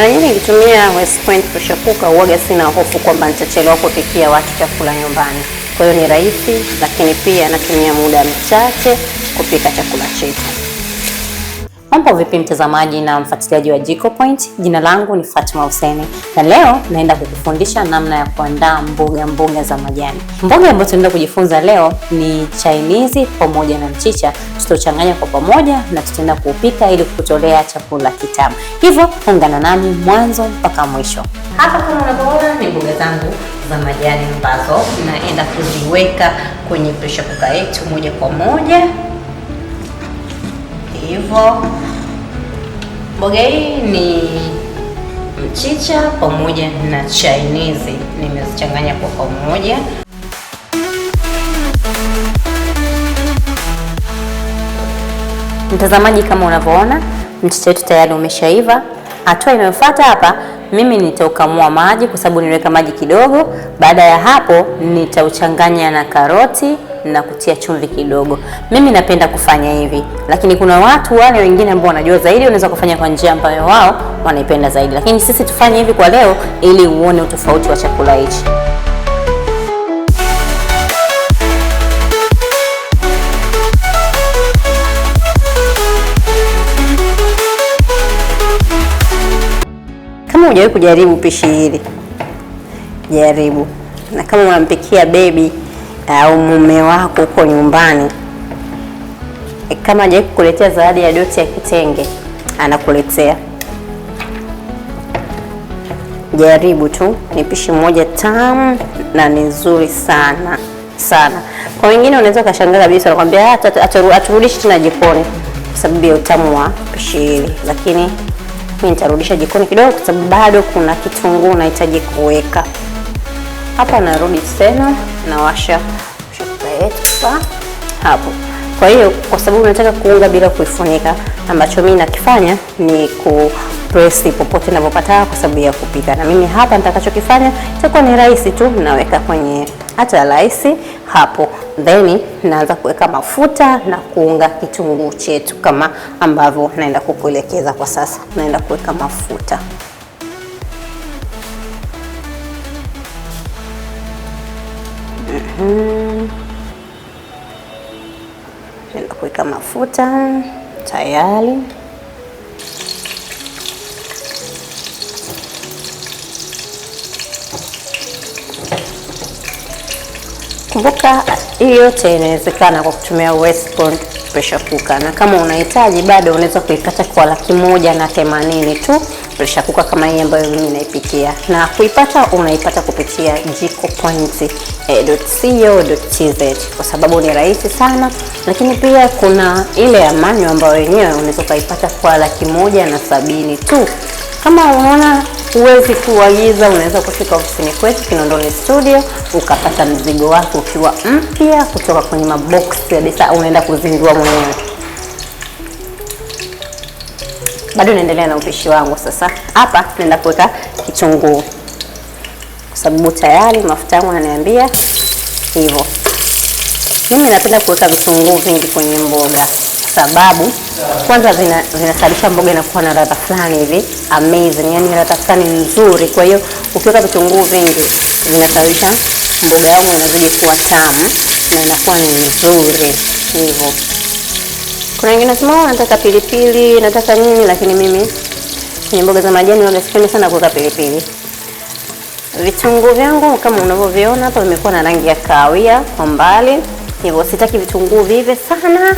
Mara nyingi nikitumia West Point kushakuka, uoga sina hofu kwamba nitachelewa kupikia watu chakula nyumbani. Kwa hiyo ni rahisi, lakini pia natumia muda mchache kupika chakula chetu. Mambo vipi mtazamaji na mfuatiliaji wa Jiko Point? Jina langu ni Fatuma Hussein na leo naenda kukufundisha namna ya kuandaa mboga mboga za majani. Mboga ambayo tunaenda kujifunza leo ni chainizi pamoja na mchicha, tutachanganya kwa pamoja na tutaenda kuupika ili kutolea chakula kitamu. Hivyo ungana nami mwanzo mpaka mwisho. Hapa kama unavyoona ni mboga zangu za majani ambazo naenda kuziweka kwenye pressure cooker yetu moja kwa moja hivyo. Mboga hii ni mchicha pamoja na chainizi, nimezichanganya kwa pamoja. Mtazamaji, kama unavyoona mchicha wetu tayari umeshaiva. Hatua inayofuata hapa mimi nitaukamua maji kwa sababu niliweka maji kidogo. Baada ya hapo, nitauchanganya na karoti na kutia chumvi kidogo. Mimi napenda kufanya hivi, lakini kuna watu wale wengine ambao wanajua zaidi, wanaweza kufanya kwa njia ambayo wao wanaipenda zaidi, lakini sisi tufanye hivi kwa leo, ili uone utofauti wa chakula hichi. Kama hujawahi kujaribu pishi hili, jaribu, na kama unampikia bebi au mume wako huko nyumbani e, kama hajawahi kukuletea zawadi ya doti ya kitenge, anakuletea. Jaribu tu, ni pishi moja tamu na ni nzuri sana sana. Kwa wengine unaweza ukashangaa kabisa, anakwambia haturudishi ah, tena jikoni kwa sababu ya utamu wa pishi hili, lakini mimi nitarudisha jikoni kidogo, kwa sababu bado kuna kitunguu unahitaji kuweka. Hapa narudi tena nawasha chopa yetu hapo. Kwa hiyo kwa sababu nataka kuunga bila kuifunika, ambacho mimi nakifanya ni ku press popote ninapopata kwa sababu ya kupika. Na mimi hapa nitakachokifanya itakuwa ni rahisi tu, naweka kwenye hata rahisi hapo, then naanza kuweka mafuta na kuunga kitunguu chetu kama ambavyo naenda kukuelekeza kwa sasa. Naenda kuweka mafuta Mhm. Naenda kuweka mafuta tayari. Kumbuka hii yote inawezekana kwa kutumia Westport pressure cooker, na kama unahitaji bado unaweza kuikata kwa laki moja na themanini tu pressure cooker kama hii ambayo mimi naipikia, na kuipata unaipata kupitia jikopoint.co.tz eh, kwa sababu ni rahisi sana, lakini pia kuna ile ya manyo ambayo wenyewe unaweza ukaipata kwa laki moja na sabini tu. Kama unaona huwezi kuagiza, unaweza kufika ofisini kwetu Kinondoni Studio ukapata mzigo wako ukiwa mpya kutoka kwenye maboksi kabisa, unaenda kuzindua mwenyewe. Bado naendelea na upishi wangu. Sasa hapa tunaenda kuweka kitunguu, kwa sababu tayari mafuta yangu yananiambia hivyo. Mimi napenda kuweka vitunguu vingi kwenye mboga sababu kwanza vinasababisha vina mboga inakuwa na ladha fulani hivi amazing, yani ladha fulani nzuri. Kwa hiyo ukiweka vitunguu vingi vinasababisha mboga yangu inazidi kuwa tamu na inakuwa ni nzuri hivyo. Kuna wengine nasema nataka pilipili, nataka nini, lakini mimi kwenye mboga za majani waga sipendi sana kuweka pilipili. Vitunguu vyangu kama unavyoviona hapa vimekuwa na rangi ya kahawia kwa mbali, hivyo sitaki vitunguu vive sana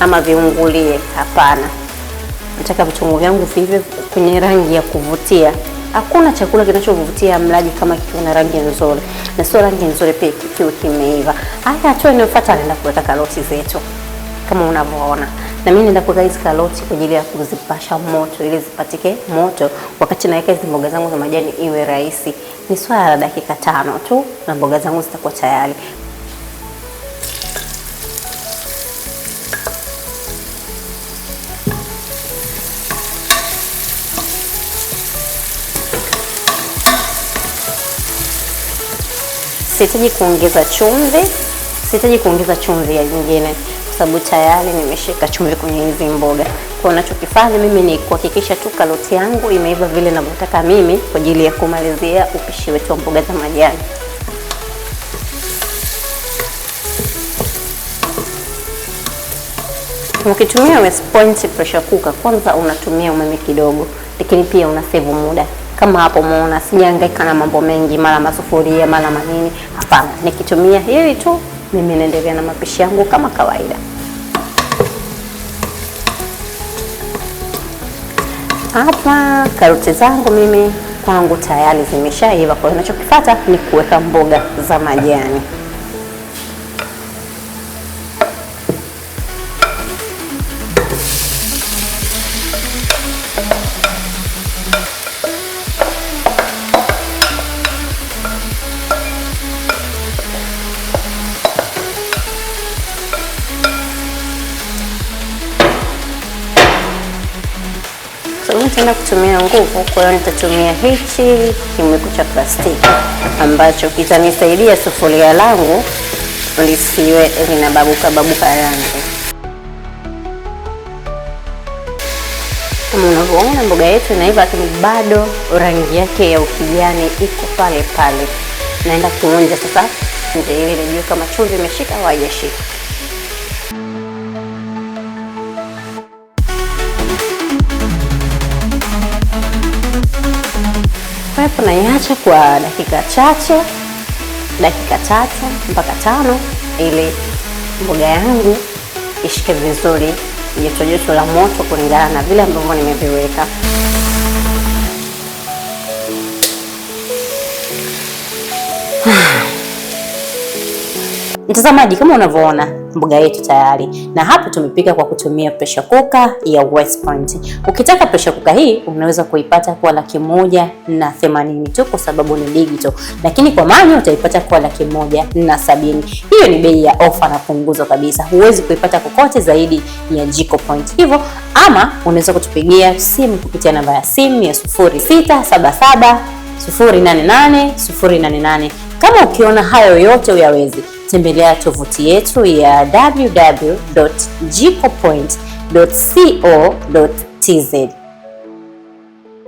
ama viungulie, hapana. Nataka vitunguu vyangu vive kwenye rangi ya kuvutia. Hakuna chakula kinachovutia mlaji kama kikiwa na rangi nzuri na sio rangi nzuri pia kiwe kimeiva. Haya, hatua inayofuata anaenda kuweka karoti zetu kama unavyoona, na mimi naenda kuweka hizi karoti kwa ajili ya kuzipasha moto ili zipatike moto, wakati naweka hizi mboga zangu za majani iwe rahisi. Ni swala la dakika tano tu na mboga zangu zitakuwa tayari. sihitaji kuongeza chumvi, sihitaji kuongeza chumvi ya nyingine kwa sababu tayari nimeshika chumvi kwenye hizi mboga. Kwa unachokifanya mimi ni kuhakikisha tu karoti yangu imeiva vile ninavyotaka mimi kwa ajili ya kumalizia upishi wetu wa mboga za majani. Ukitumia West Point pressure cooker, kwanza unatumia umeme kidogo, lakini pia una save muda kama hapo muona, sijahangaika na mambo mengi, mara masufuria mara manini. Hapana, nikitumia hili tu mimi naendelea na mapishi yangu kama kawaida. Hapa karoti zangu mimi kwangu tayari zimeshaiva, kwa hiyo ninachokifuata ni kuweka mboga za majani. nitaenda kutumia nguvu, kwa hiyo nitatumia hichi kimwiko cha plastiki ambacho kitanisaidia sufuria langu lisiwe linababuka babuka rangi. Mnavyoona mboga yetu inaiva, lakini bado rangi yake ya ukijani iko pale pale. Naenda kuonja sasa nje, ili nijue kama chumvi imeshika au haijashika. hapo naiacha kwa dakika chache, dakika tatu mpaka tano, ili mboga yangu ishike vizuri jotojoto la moto kulingana na vile ambavyo nimeviweka. Mtazamaji, kama unavyoona mboga yetu tayari, na hapo tumepika kwa kutumia pressure cooker ya West Point. Ukitaka pressure cooker hii unaweza kuipata kwa laki moja na themanini tu kwa sababu ni digital, lakini kwa manual utaipata kwa laki moja na sabini. Hiyo ni bei ya ofa na punguzo kabisa, huwezi kuipata kokote zaidi ya Jiko Point. Hivyo ama unaweza kutupigia simu kupitia namba ya simu ya 0677 088 088. Kama ukiona hayo yote uyawezi tembelea tovuti yetu ya www.jikopoint.co.tz.